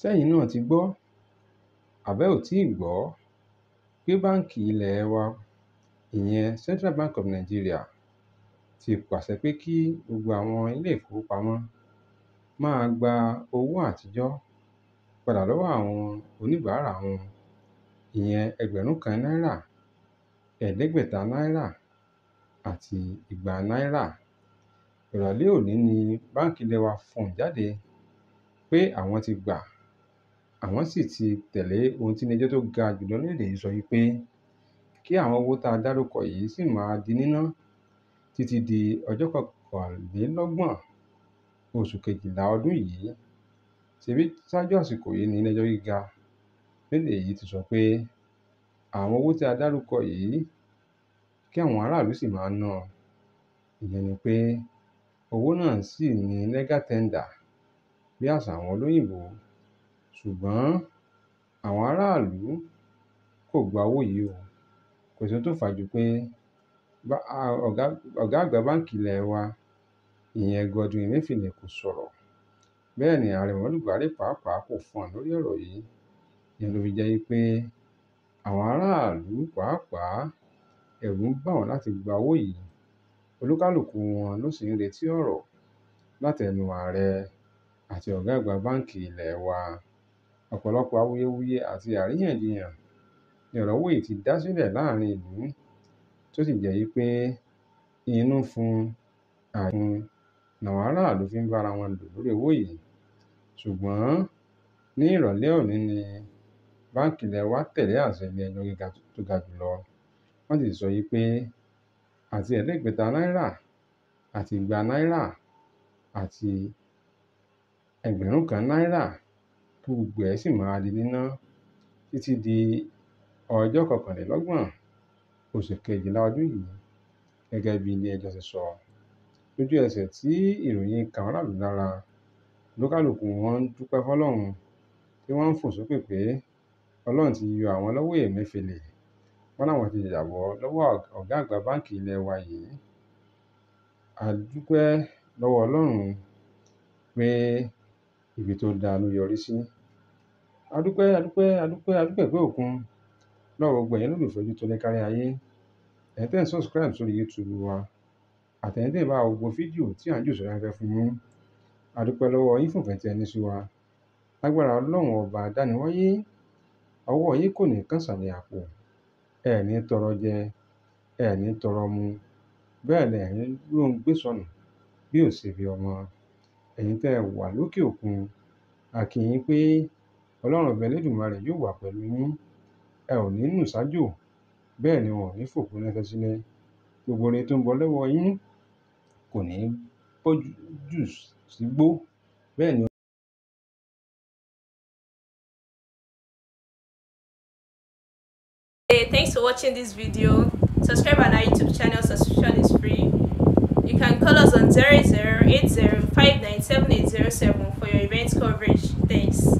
ṣẹ́yìn náà ti gbọ́ àbẹ́ ò tí ì gbọ́ pé báǹkì ilé wa ìyẹn Central Bank of Nigeria ti pàṣẹ pé kí gbogbo àwọn ilé ìfowópamọ́ máa gba owó àtijọ́ padà lọ́wọ́ àwọn oníbàárà wọn ìyẹn ẹgbẹ̀rún kan náírà ẹ̀ẹ́dẹ́gbẹ̀ta náírà àti igba náírà ìrọ̀lẹ́ òní ni báǹkì ilé wa fọ̀n jáde pé àwọn ti gbà àwọn sì ti tẹ̀lé ohun tí ilé-ẹjọ́ tó ga jù lọ lórílẹ̀‐èdè yìí sọ wípé kí àwọn owó tá a dárúkọ yìí sì máa di níná títí di ọjọ́ kọkànlélọ́gbọ̀n oṣù kejìlá ọdún yìí ṣebí ṣáájú àsìkò yìí ni ilé-ẹjọ́ gíga lórílẹ̀‐èdè yìí ti sọ pé àwọn owó tí a dárúkọ yìí kí àwọn aráàlú sì máa ná ìyẹn ni pé owó náà sì ní legal tender bí àṣà àwọn olóyìnbó ṣùgbọ́n àwọn aráàlú kò gba owó yìí o kò sí ohun tó fà á ju pé ọ̀gá àgbà báǹkì ilé wa ìyẹn Godwin Emefiele kò sọ̀rọ̀ bẹ́ẹ̀ ni ààrẹ Muhammadu Buhari pàápàá kò fọhùn lórí ọ̀rọ̀ yìí ìyẹn ló fi jẹ́ pé àwọn aráàlú pàápàá ẹ̀rù ń bà wọ́n láti gba yìí olúkálùkù wọn ló sì ń retí ọ̀rọ̀ látẹnu ààrẹ àti ọ̀gá àgbà báǹkì ilé wa. Ọ̀pọ̀lọpọ̀ awuyewuye àti àríyànjiyàn ni ọ̀rọ̀ wọ̀nyí ti dá sílẹ̀ láàrin ìlú tó sì jẹ́ wí pé inú fun àifun làwọn aráàlú fi ń bára wọn lò lórí owó yìí. Ṣùgbọ́n ní ìrọ̀lẹ́ òní ni báńkì ilẹ̀ wa tẹ̀lé àṣẹ ilé-ẹjọ́ gíga tó ga jù lọ, wọ́n sì sọ wí pé àti ẹ̀ẹ́dẹ́gbẹ̀ta náírà àti igba náírà àti ẹgbẹ̀rún kan náírà tí gbogbo ẹ̀ sì máa di níná títí di ọjọ́ kọkànlélọ́gbọ̀n oṣù kejìlá ọdún yìí gẹ́gẹ́ bí ilé-ẹjọ́ ṣe sọ. lójú ẹsẹ̀ tí ìròyìn kàn aráàlú lára lókàlùkù wọn ń dúpẹ́ fọlọ́run tí wọ́n ń fò sókè pé ọlọ́run ti yọ àwọn lọ́wọ́ Emefiele wọn làwọn ti jàbọ́ lọ́wọ́ ọ̀gá àgbà báǹkì ilé wa yìí a dúpẹ́ lọ́wọ́ ọlọ́run pé ibi tó dáa ló yọrí sí. Adúpẹ́, adúpẹ́, adúpẹ́, adúpẹ́ ìpè òkun lọ́wọ́ gbogbo ẹ̀yin olólùfẹ́ ojú tó lẹ́ kárí ayé. Ẹ̀yin tẹ́ ń subscribe sórí YouTube wa àti ẹ̀yin tẹ́ ń bá wa wo fídíò tí à ń jù sórí afẹ́fẹ́ fún yín. Adúpẹ́ lọ́wọ́ yín fún ìfẹ́ tí ẹ ní sí wa. Lágbára Ọlọ́run ọba àdániwáyé, ọwọ́ yín kò ní kán ìsàlẹ̀ àpò. Ẹ ní tọrọ jẹ, ẹ ní tọrọ mu. Bẹ́ẹ̀ lẹ ní rohun gbé sọnù bí ò ṣe bí ọmọ. Ẹ̀yin tẹ́ wà lókè òkun, a pé Ọlọ́run ọba Elédùmarè yóò wà pẹ̀lú yín. Ẹ ò ní nù sájò, bẹ́ẹ̀ ni wọn ò ní fòpin ránṣẹ́ sílẹ̀. Gbogbo ire tó ń bọ̀ lọ́wọ́ yín kò ní bọ́jú jù sígbó. Bẹ́ẹ̀ ni. Hey, thanks for watching this video. Subscribe on our YouTube channel. Subscription is free. You can call us on 0080597807 for your event coverage. Thanks.